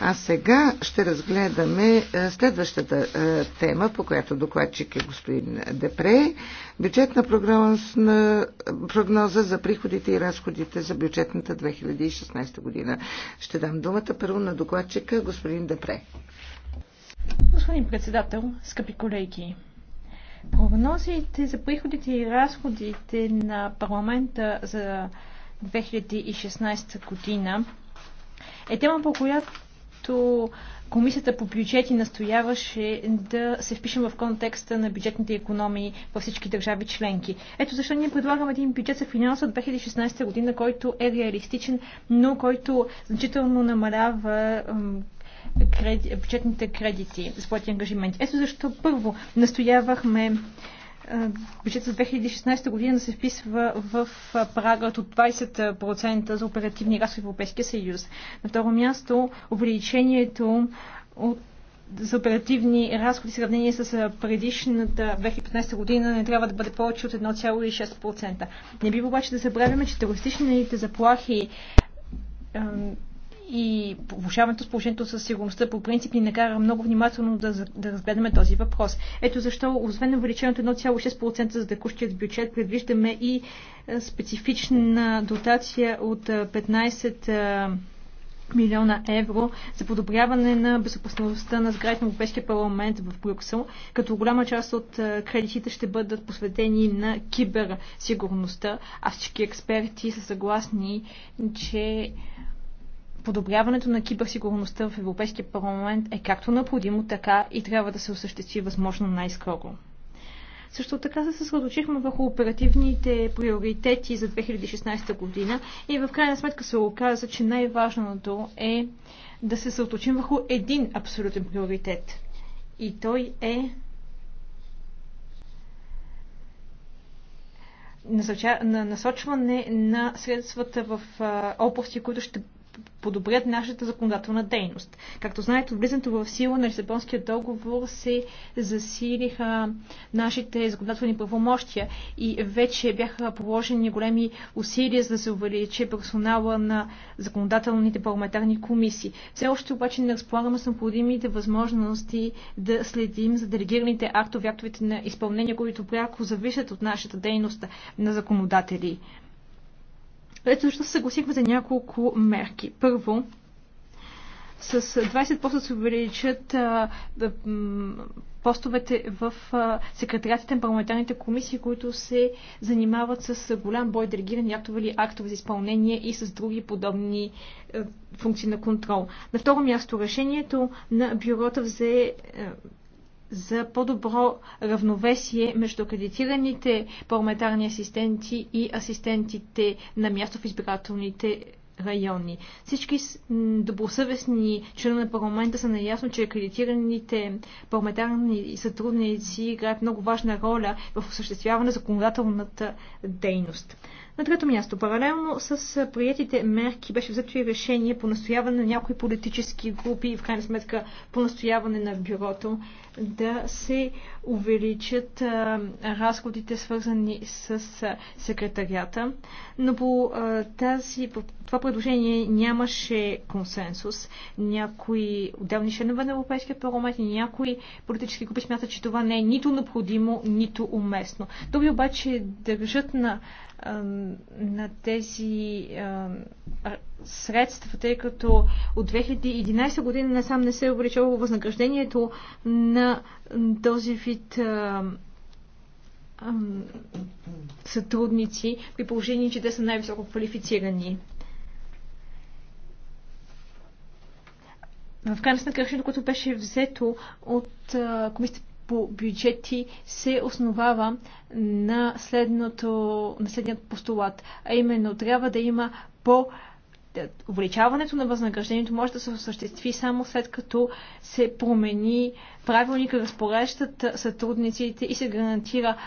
А сега ще разгледаме е, следващата е, тема, по която докладчик е господин Депре. Бюджетна прогноза за приходите и разходите за бюджетната 2016 година. Ще дам думата първо на докладчика господин Депре. Господин председател, скъпи колеги, прогнозите за приходите и разходите на парламента за 2016 година е тема, по която които Комисията по бюджети настояваше да се впишем в контекста на бюджетните економии във всички държави членки. Ето защо ние предлагаме един бюджет за финанса от 2016 година, който е реалистичен, но който значително намалява бюджетните кредити за ангажименти. Ето защо първо настоявахме е, бюджет за 2016 година да се вписва в прага от 20% за оперативни разходи в Европейския съюз. На второ място, увеличението от за оперативни разходи в сравнение с предишната 2015 година не трябва да бъде повече от 1,6%. Не бива обаче да забравяме, че терористичните заплахи и повушаването с положението със сигурността по принцип ни накара много внимателно да, да разгледаме този въпрос. Ето защо, освен увеличението 1,6% за текущият бюджет, предвиждаме и е, специфична дотация от 15 е, е, милиона евро за подобряване на безопасността на сградите на Европейския парламент в Брюксел, като голяма част от кредитите ще бъдат посветени на киберсигурността, а всички експерти са съгласни, че подобряването на киберсигурността в Европейския парламент е както необходимо, така и трябва да се осъществи възможно най-скоро. Също така се съсредоточихме върху оперативните приоритети за 2016 година и в крайна сметка се оказа, че най-важното е да се съсредоточим върху един абсолютен приоритет. И той е насочване на средствата в области, които ще подобрят нашата законодателна дейност. Както знаете, от влизането в сила на Лисабонския договор се засилиха нашите законодателни правомощия и вече бяха положени големи усилия за да се увеличи персонала на законодателните парламентарни комисии. Все още обаче не разполагаме с необходимите възможности да следим за делегираните актове, актовете на изпълнение, които пряко зависят от нашата дейност на законодатели. Ето защо се съгласихме за няколко мерки. Първо, с 20% се увеличат а, да, постовете в а, секретариатите на парламентарните комисии, които се занимават с голям бой делегирани актове или актове за изпълнение и с други подобни а, функции на контрол. На второ място решението на бюрота взе за по-добро равновесие между акредитираните парламентарни асистенти и асистентите на място в избирателните райони. Всички добросъвестни членове на парламента са наясно, че акредитираните парламентарни сътрудници играят много важна роля в осъществяване на законодателната дейност. На трето място, паралелно с приятите мерки беше взето и решение по настояване на някои политически групи и в крайна сметка по настояване на бюрото да се увеличат а, разходите свързани с а, секретарията. Но по, а, тази, по това предложение нямаше консенсус. Някои отделни членове на Европейския парламент и някои политически групи смятат, че това не е нито необходимо, нито уместно. Доби обаче държат на на тези средства, тъй като от 2011 година насам не се е увеличило възнаграждението на този вид сътрудници, при положение, че те са най-високо квалифицирани. В крайна сметка решението, което беше взето от комисията по бюджети се основава на, следното, на следният постулат, а именно трябва да има по е, увеличаването на възнаграждението може да се осъществи само след като се промени правилника, разпореждат сътрудниците и се гарантира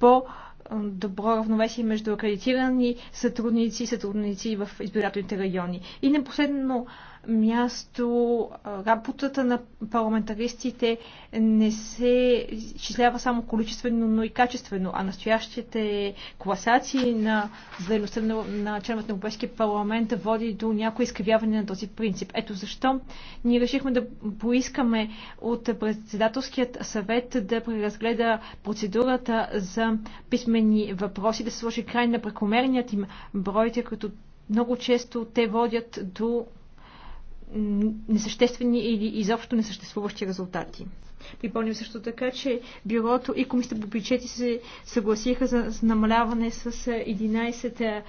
по е, добро равновесие между акредитирани сътрудници и сътрудници в избирателните райони. И на последно място работата на парламентаристите не се изчислява само количествено, но и качествено, а настоящите класации на заедността на, на членовете на Европейския парламент води до някои изкривяване на този принцип. Ето защо ние решихме да поискаме от председателският съвет да преразгледа процедурата за писмени въпроси, да се сложи край на прекомерният им брой, като много често те водят до несъществени или изобщо несъществуващи резултати. Припомням също така, че бюрото и комисията по бюджети се съгласиха за намаляване с 11 е,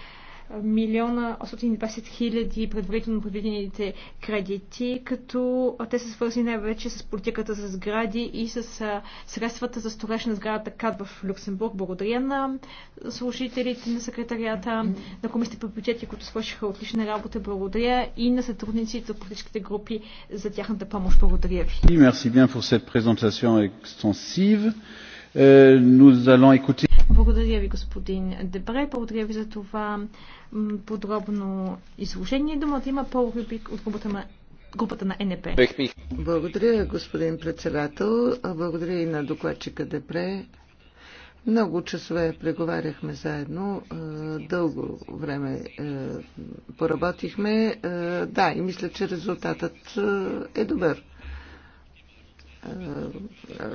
милиона 820 хиляди предварително предвидените кредити, като те са свързани най-вече с политиката за сгради и с средствата за строеж на сградата КАД в Люксембург. Благодаря на служителите на секретарията на комисията по бюджети, които свършиха отлична работа. Благодаря и на сътрудниците от политическите групи за тяхната помощ. Благодаря ви. Merci bien pour cette présentation extensive. Е, благодаря ви, господин Дебре. Благодаря ви за това подробно изложение. Думата има Пол Рюбик от групата на групата на НП. Благодаря, господин председател. Благодаря и на докладчика Депре. Много часове преговаряхме заедно, е, дълго време е, поработихме. Да, и мисля, че резултатът е добър. Е,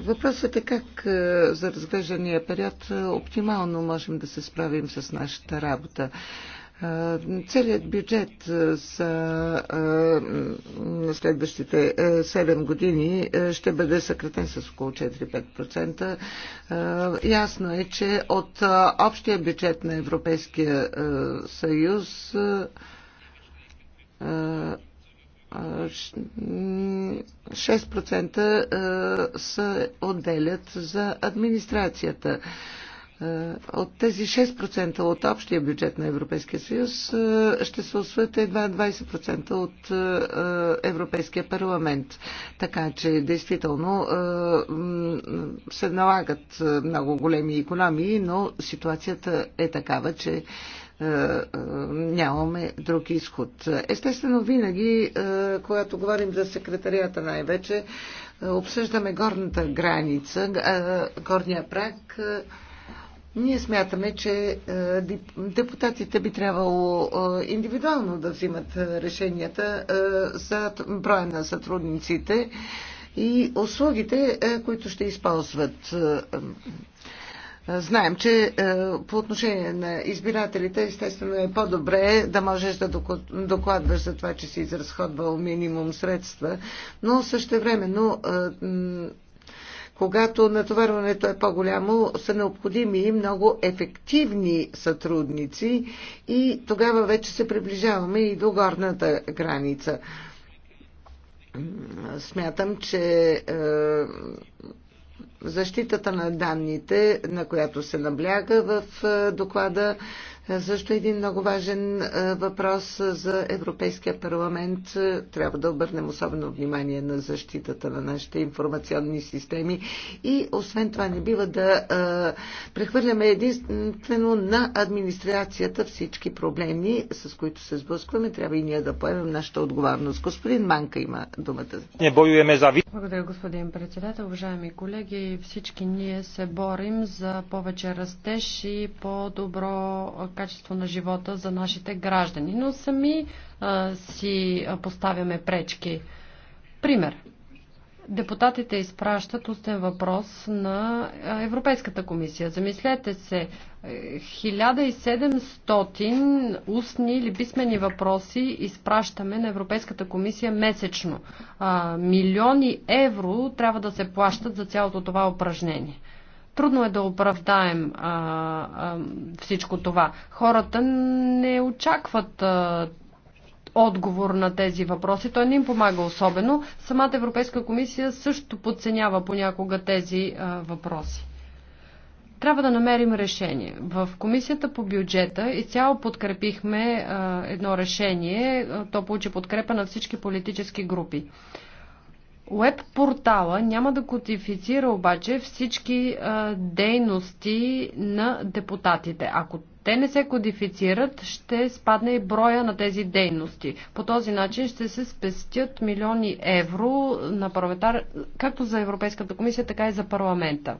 въпросът е как е, за разглеждания период е, оптимално можем да се справим с нашата работа. Целият бюджет за следващите 7 години ще бъде съкратен с около 4-5%. Ясно е, че от общия бюджет на Европейския съюз 6% е, се отделят за администрацията. Е, от тези 6% от общия бюджет на Европейския съюз е, ще се освоят едва 20% от Европейския парламент. Така че действително се налагат много големи економии, но ситуацията е такава, че е, е, нямаме друг изход. Естествено, винаги, е, когато говорим за секретарията най-вече, обсъждаме горната граница, горния прак. Ние смятаме, че депутатите би трябвало индивидуално да взимат решенията за броя на сътрудниците и услугите, които ще използват. Е, знаем, че е, по отношение на избирателите, естествено е по-добре да можеш да докладваш за това, че си изразходвал минимум средства, но също времено е, когато натоварването е по-голямо, са необходими и много ефективни сътрудници и тогава вече се приближаваме и до горната граница. Смятам, че защитата на данните, на която се набляга в е, доклада, е, също един много важен е, въпрос за Европейския парламент. Е, трябва да обърнем особено внимание на защитата на нашите информационни системи и освен това не бива да прехвърляме единствено на администрацията всички проблеми, с които се сблъскваме. Трябва и ние да поемем нашата отговорност. Господин Манка има думата. Не боюеме за ви. Благодаря, господин председател. Уважаеми колеги, всички ние се борим за повече растеж и по-добро качество на живота за нашите граждани. Но сами а, си поставяме пречки. Пример. Депутатите изпращат устен въпрос на Европейската комисия. Замислете се, 1700 е, устни или писмени въпроси изпращаме на Европейската комисия месечно. А, милиони евро трябва да се плащат за цялото това упражнение. Трудно е да оправдаем а, а, всичко това. Хората не очакват а, отговор на тези въпроси. Той не им помага особено. Самата Европейска комисия също подценява понякога тези а, въпроси. Трябва да намерим решение. В комисията по бюджета изцяло подкрепихме а, едно решение. То получи подкрепа на всички политически групи. Уеб портала няма да кодифицира обаче всички а, дейности на депутатите. Ако те не се кодифицират, ще спадне и броя на тези дейности. По този начин ще се спестят милиони евро на парламентар, както за Европейската комисия, така и за парламента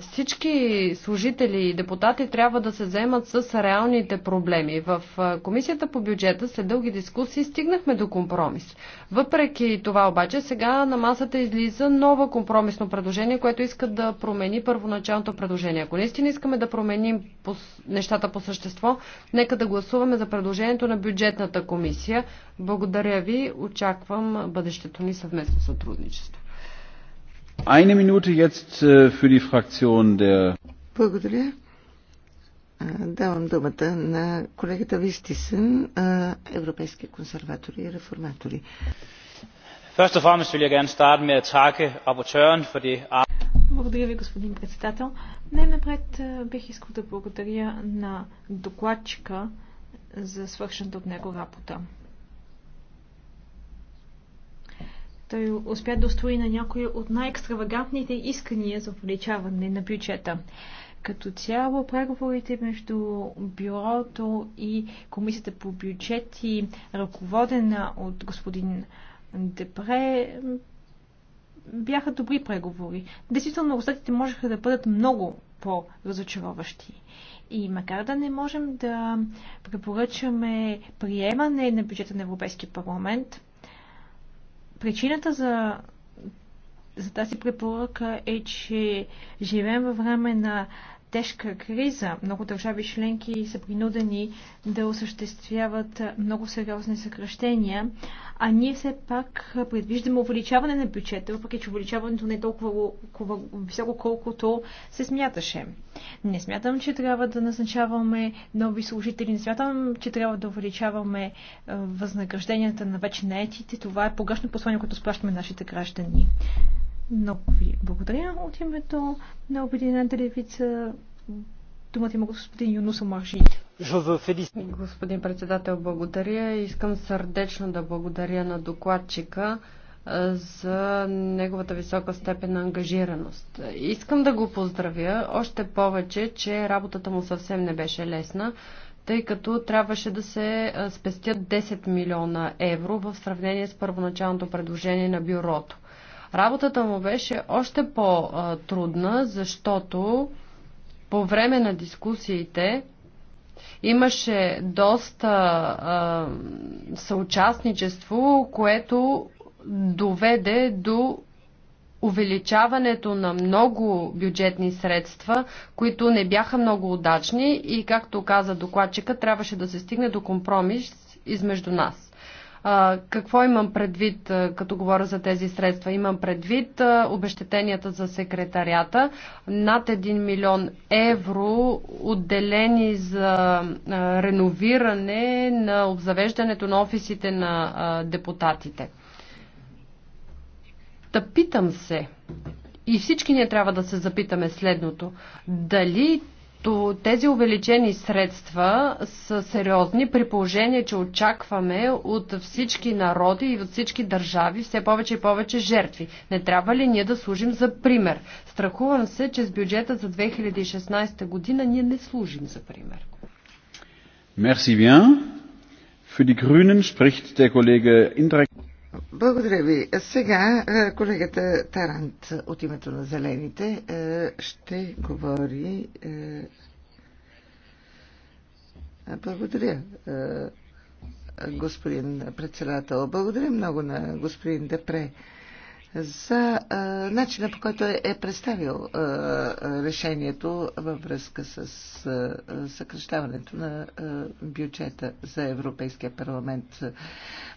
всички служители и депутати трябва да се вземат с реалните проблеми. В Комисията по бюджета след дълги дискусии стигнахме до компромис. Въпреки това обаче сега на масата излиза ново компромисно предложение, което иска да промени първоначалното предложение. Ако наистина искаме да променим нещата по същество, нека да гласуваме за предложението на бюджетната комисия. Благодаря ви, очаквам бъдещето ни съвместно сътрудничество. Eine Minute jetzt äh, für die Fraktion der... Благодаря. Давам думата на колегата Вистисен, европейски консерватори и реформатори. Først og fremmest vil jeg gerne starte med at takke rapportøren for det Благодаря ви, господин председател. Най-напред бих искал да благодаря на докладчика за свършената от него работа. Той успя да устои на някои от най-екстравагантните искания за увеличаване на бюджета. Като цяло преговорите между бюрото и комисията по бюджети, ръководена от господин Депре, бяха добри преговори. Действително, резултатите можеха да бъдат много по-разочароващи. И макар да не можем да препоръчаме приемане на бюджета на Европейския парламент, Причината за, за тази препоръка е, че живеем във време на тежка криза. Много държави членки са принудени да осъществяват много сериозни съкръщения, а ние все пак предвиждаме увеличаване на бюджета, въпреки че увеличаването не е толкова, толкова високо, колкото се смяташе. Не смятам, че трябва да назначаваме нови служители, не смятам, че трябва да увеличаваме е, възнагражденията на вече наетите. Това е погрешно послание, което спращаме нашите граждани. Много ви благодаря от името на Обединената левица. Думата има господин Юнус Омаржид. Господин председател, благодаря. Искам сърдечно да благодаря на докладчика за неговата висока степен на ангажираност. Искам да го поздравя, още повече, че работата му съвсем не беше лесна, тъй като трябваше да се спестят 10 милиона евро в сравнение с първоначалното предложение на бюрото. Работата му беше още по-трудна, защото по време на дискусиите имаше доста а, съучастничество, което доведе до увеличаването на много бюджетни средства, които не бяха много удачни и, както каза докладчика, трябваше да се стигне до компромис измежду нас. Какво имам предвид, като говоря за тези средства? Имам предвид обещетенията за секретарията. Над 1 милион евро отделени за реновиране на обзавеждането на офисите на депутатите. Та питам се, и всички ние трябва да се запитаме следното. Дали тези увеличени средства са сериозни при положение, че очакваме от всички народи и от всички държави все повече и повече жертви. Не трябва ли ние да служим за пример? Страхувам се, че с бюджета за 2016 година ние не служим за пример. Мерси bien. Für die Grünen spricht der Kollege благодаря ви. Сега е, колегата Тарант от името на Зелените е, ще говори. Е, благодаря, господин председател. Благодаря много на господин Депре за а, начина по който е, е представил а, решението във връзка с а, съкръщаването на а, бюджета за Европейския парламент.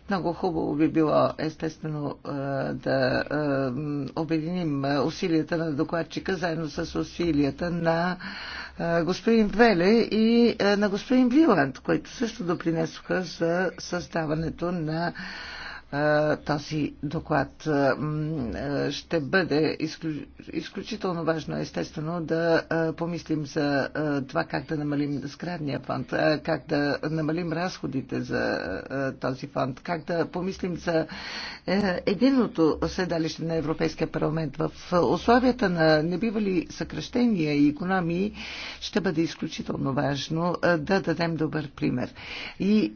Много хубаво би било, естествено, а, да а, обединим усилията на докладчика заедно с усилията на а, господин Веле и а, на господин Виланд, които също допринесоха за създаването на този доклад. Ще бъде изключително важно, естествено, да помислим за това как да намалим сградния фонд, как да намалим разходите за този фонд, как да помислим за е, единното седалище на Европейския парламент. В условията на небивали съкръщения и економии ще бъде изключително важно да дадем добър пример. И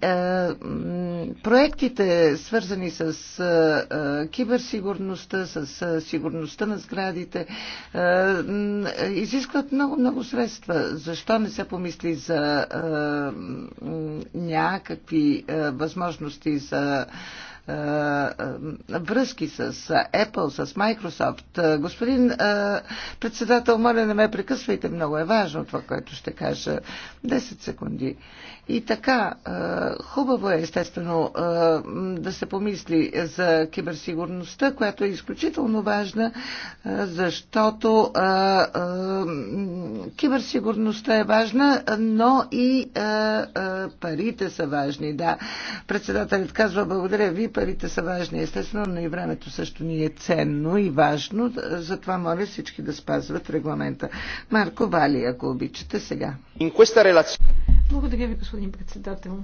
проектите, свързани свързани с киберсигурността, с сигурността на сградите, изискват много-много средства. Защо не се помисли за някакви възможности за връзки с Apple, с Microsoft. Господин председател, моля не ме прекъсвайте, много е важно това, което ще кажа. 10 секунди. И така, е, хубаво е естествено е, да се помисли за киберсигурността, която е изключително важна, е, защото киберсигурността е важна, но и парите са важни. Да, председателят казва, благодаря ви, парите са важни, естествено, но и времето също ни е ценно и важно, затова моля всички да спазват регламента. Марко Вали, ако обичате сега. Благодаря ви, господин председател.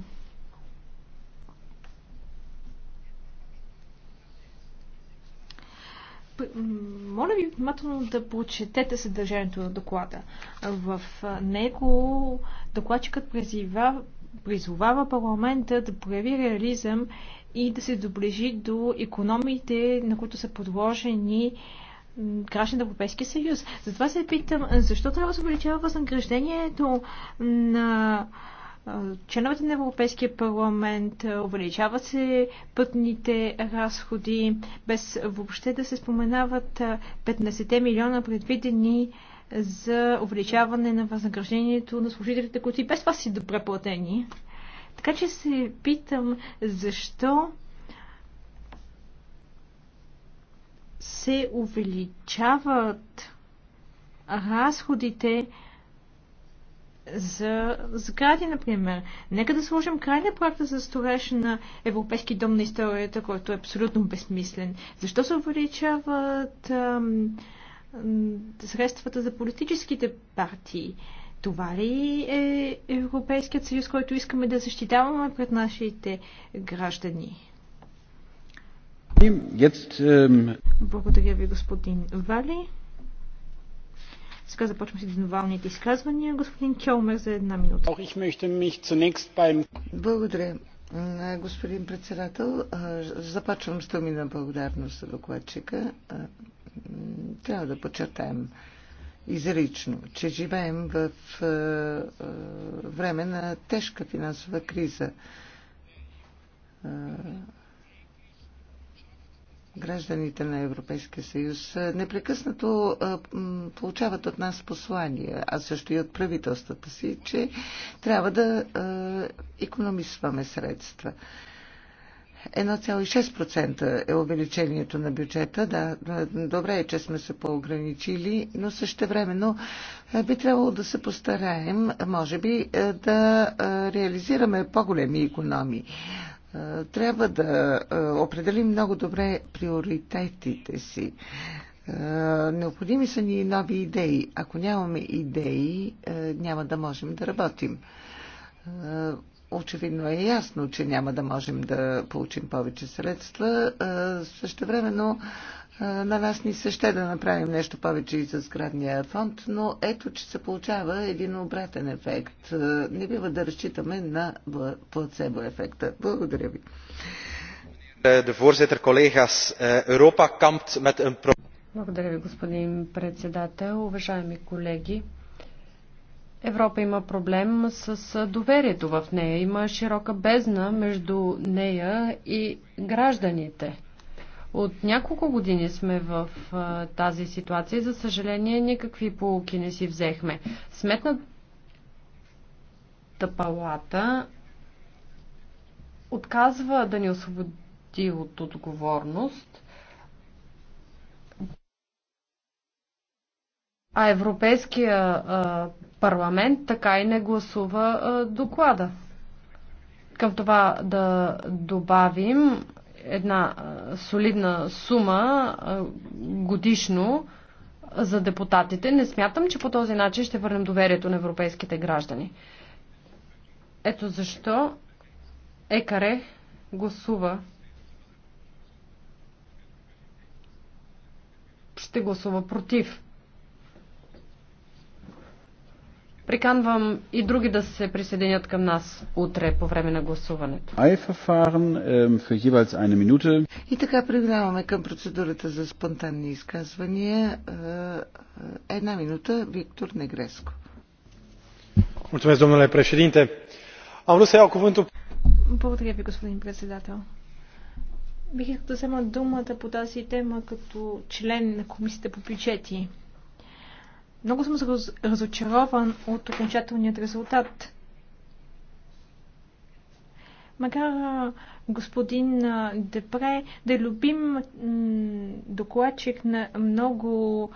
моля ви внимателно да прочетете съдържанието на доклада. В него докладчикът призива, призовава парламента да прояви реализъм и да се доближи до економиите, на които са подложени граждани на Европейския съюз. Затова се питам, защо трябва да се увеличава възнаграждението на членовете на Европейския парламент, увеличават се пътните разходи, без въобще да се споменават 15 милиона предвидени за увеличаване на възнаграждението на служителите, които и без това си добре платени. Така че се питам, защо се увеличават разходите за сгради, например. Нека да сложим край на проекта за строеж на Европейски дом на историята, който е абсолютно безсмислен. Защо се увеличават ам, ам, средствата за политическите партии? Това ли е Европейският съюз, който искаме да защитаваме пред нашите граждани? Ähm, Благодаря ви, господин Вали. Сега започваме с индивидуалните изказвания. Господин Келмер за една минута. Благодаря. Господин председател, започвам с думи на благодарност за докладчика. Трябва да подчертаем изрично, че живеем в време на тежка финансова криза гражданите на Европейския съюз непрекъснато получават от нас послания, а също и от правителствата си, че трябва да економисваме средства. 1,6% е увеличението на бюджета. Да, добре е, че сме се поограничили, но същевременно би трябвало да се постараем, може би, да реализираме по-големи економии. Е, трябва да е, определим много добре приоритетите си. Е, необходими са ни нови идеи. Ако нямаме идеи, няма да можем да работим. Очевидно е ясно, че няма да можем да получим повече средства. Също времено на нас ни се ще да направим нещо повече и за сградния фонд, но ето, че се получава един обратен ефект. Не бива да разчитаме на плацебо ефекта. Благодаря ви. Е, е, Благодаря ви, господин председател. Уважаеми колеги, Европа има проблем с доверието в нея. Има широка бездна между нея и гражданите. От няколко години сме в а, тази ситуация и за съжаление никакви полуки не си взехме. Сметната палата отказва да ни освободи от отговорност, а Европейския а, парламент така и не гласува а, доклада. Към това да добавим една солидна сума годишно за депутатите. Не смятам, че по този начин ще върнем доверието на европейските граждани. Ето защо Екаре гласува. Ще гласува против Приканвам и други да се присъединят към нас утре по време на гласуването. Ähm, и така преминаваме към процедурата за спонтанни изказвания. Е, една минута, Виктор Негреско. Mulțumesc, domnule președinte. Am vrut să iau cuvântul... Благодаря ви, господин председател. Бих искал да взема думата по тази тема като член на комисията по бюджети. Много съм разочарован от окончателният резултат. Макар господин Депре да е любим докладчик на много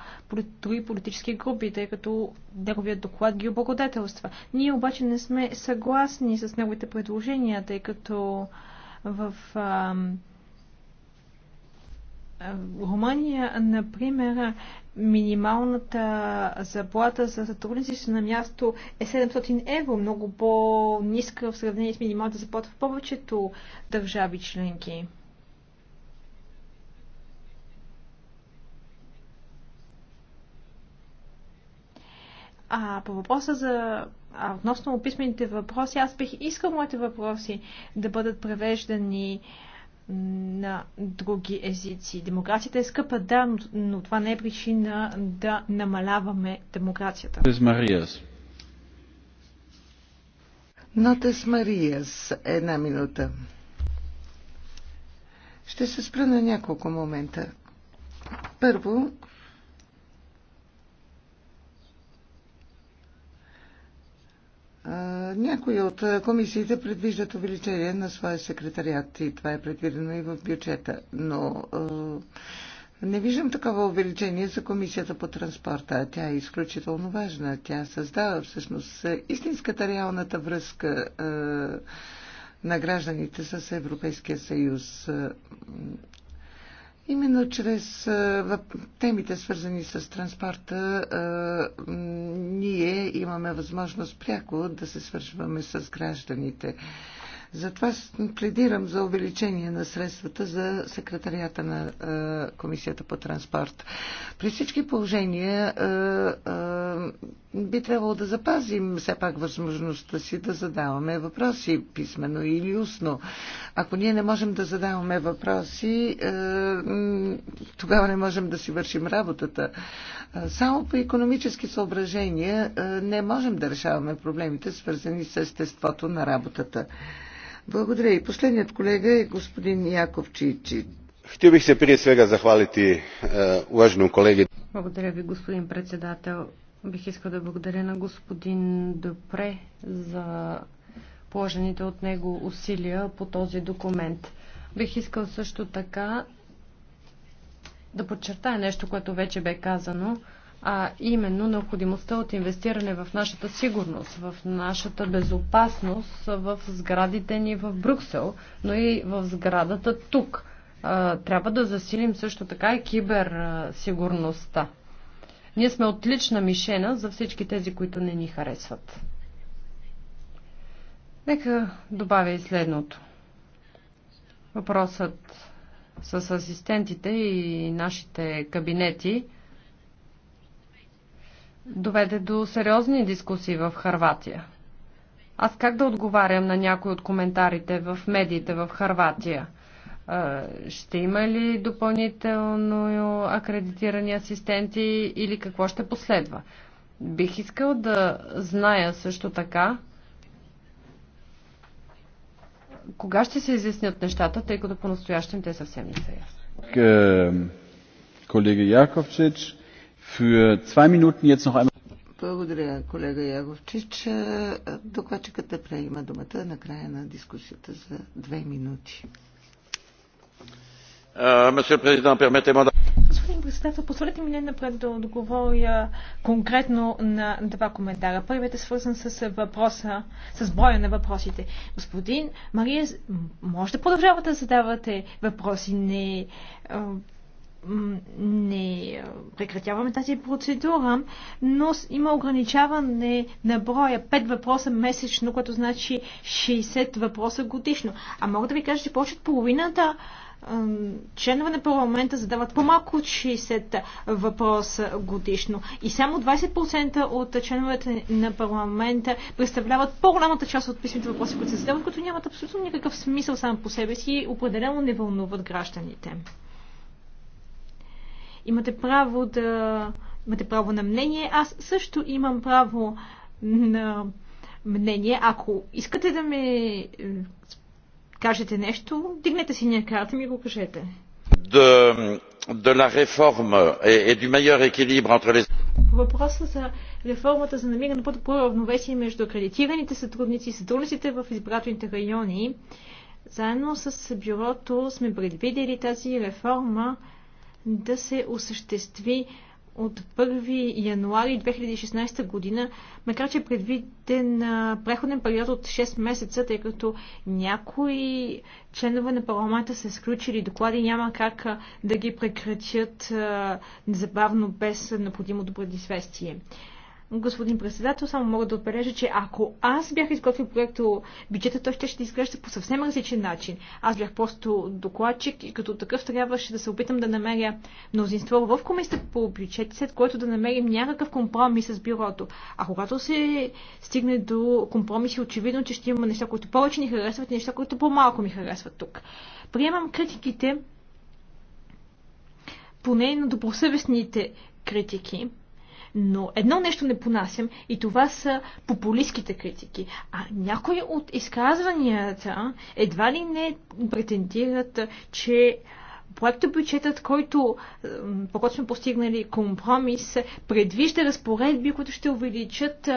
други политически групи, тъй като неговият доклад ги облагодателства. Ние обаче не сме съгласни с неговите предложения, тъй като в в Румъния, например, минималната заплата за сътрудниците на място е 700 евро, много по-ниска в сравнение с минималната заплата в повечето държави членки. А по въпроса за а относно описаните въпроси, аз бих искал моите въпроси да бъдат превеждани на други езици. Демокрацията е скъпа, да, но, но това не е причина да намаляваме демокрацията. Мариас. Нотес Мариас, една минута. Ще се спра на няколко момента. Първо, Някои от комисиите предвиждат увеличение на своя секретариат и това е предвидено и в бюджета, но не виждам такова увеличение за комисията по транспорта. Тя е изключително важна. Тя създава всъщност истинската реалната връзка на гражданите с Европейския съюз. Именно чрез темите, свързани с транспорта, ние имаме възможност пряко да се свършваме с гражданите. Затова пледирам за увеличение на средствата за секретарията на Комисията по транспорт. При всички положения би трябвало да запазим все пак възможността си да задаваме въпроси писменно или устно. Ако ние не можем да задаваме въпроси, тогава не можем да си вършим работата. Само по економически съображения не можем да решаваме проблемите, свързани с естеството на работата. Благодаря. И последният колега е господин Яков Чичи. Htio bih преди prije захвалити zahvaliti е, уважно колеги. Благодаря ви, господин председател. Бих искал да благодаря на господин Допре за положените от него усилия по този документ. Бих искал също така да подчертая нещо, което вече бе казано а именно необходимостта от инвестиране в нашата сигурност, в нашата безопасност, в сградите ни в Брюксел, но и в сградата тук. Трябва да засилим също така и киберсигурността. Ние сме отлична мишена за всички тези, които не ни харесват. Нека добавя и следното. Въпросът с асистентите и нашите кабинети – доведе до сериозни дискусии в Харватия. Аз как да отговарям на някои от коментарите в медиите в Харватия? Е, ще има ли допълнително акредитирани асистенти или какво ще последва? Бих искал да зная също така кога ще се изяснят нещата, тъй като по-настоящем те съвсем не са ясни. Е, Колега Яковчич, Für zwei Minuten jetzt noch einmal. Благодаря, колега Яговчич. Докладчикът да е преима думата на края на дискусията за две минути. Euh, Господин председател, позволете ми не напред да отговоря конкретно на два коментара. Първият е свързан с въпроса, с броя на въпросите. Господин Мария, може да продължавате да задавате въпроси, не не прекратяваме тази процедура, но има ограничаване на броя 5 въпроса месечно, което значи 60 въпроса годишно. А мога да ви кажа, че повече от половината членове на парламента задават по-малко от 60 въпроса годишно. И само 20% от членовете на парламента представляват по-голямата част от писмите въпроси, които се задават, които нямат абсолютно никакъв смисъл сам по себе си и определено не вълнуват гражданите. Имате право да имате право на мнение. Аз също имам право на мнение. Ако искате да ми е, кажете нещо, дигнете си някакъв карта и ми го кажете. De, de la réforme et, et du meilleur équilibre entre les въпроса за реформата за намиране на по-добро равновесие между акредитираните сътрудници и сътрудниците в избирателните райони. Заедно с бюрото сме предвидели тази реформа да се осъществи от 1 януари 2016 година, макар че е предвиден преходен период от 6 месеца, тъй като някои членове на парламента са сключили доклади, няма как да ги прекратят незабавно без необходимото предизвестие. Господин председател, само мога да отбележа, че ако аз бях изготвил проекто бюджета, той ще, ще изглежда по съвсем различен начин. Аз бях просто докладчик и като такъв трябваше да се опитам да намеря мнозинство в комисията по бюджет, след което да намерим някакъв компромис с бюрото. А когато се стигне до компромиси, очевидно, че ще има неща, които повече ни харесват и неща, които по-малко ми харесват тук. Приемам критиките поне на добросъвестните критики, но едно нещо не понасям и това са популистските критики. А някои от изказванията едва ли не претендират, че Проекто бюджетът, който, по който сме постигнали компромис, предвижда разпоредби, които ще увеличат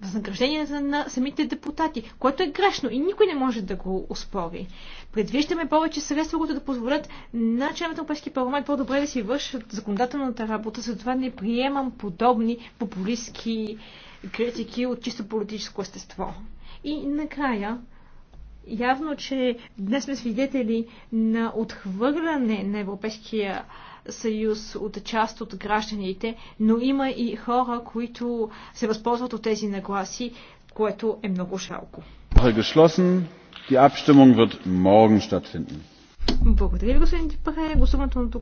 възнагражденията на самите депутати, което е грешно и никой не може да го успори. Предвиждаме повече средства, които да позволят на членовете на Европейския парламент по-добре да си вършат законодателната работа, затова не приемам подобни популистски критики от чисто политическо естество. И накрая, Явно, че днес сме свидетели на отхвърляне на Европейския съюз от част от гражданите, но има и хора, които се възползват от тези нагласи, което е много жалко. Е Благодаря ви, господин Дюпре. Гласуването на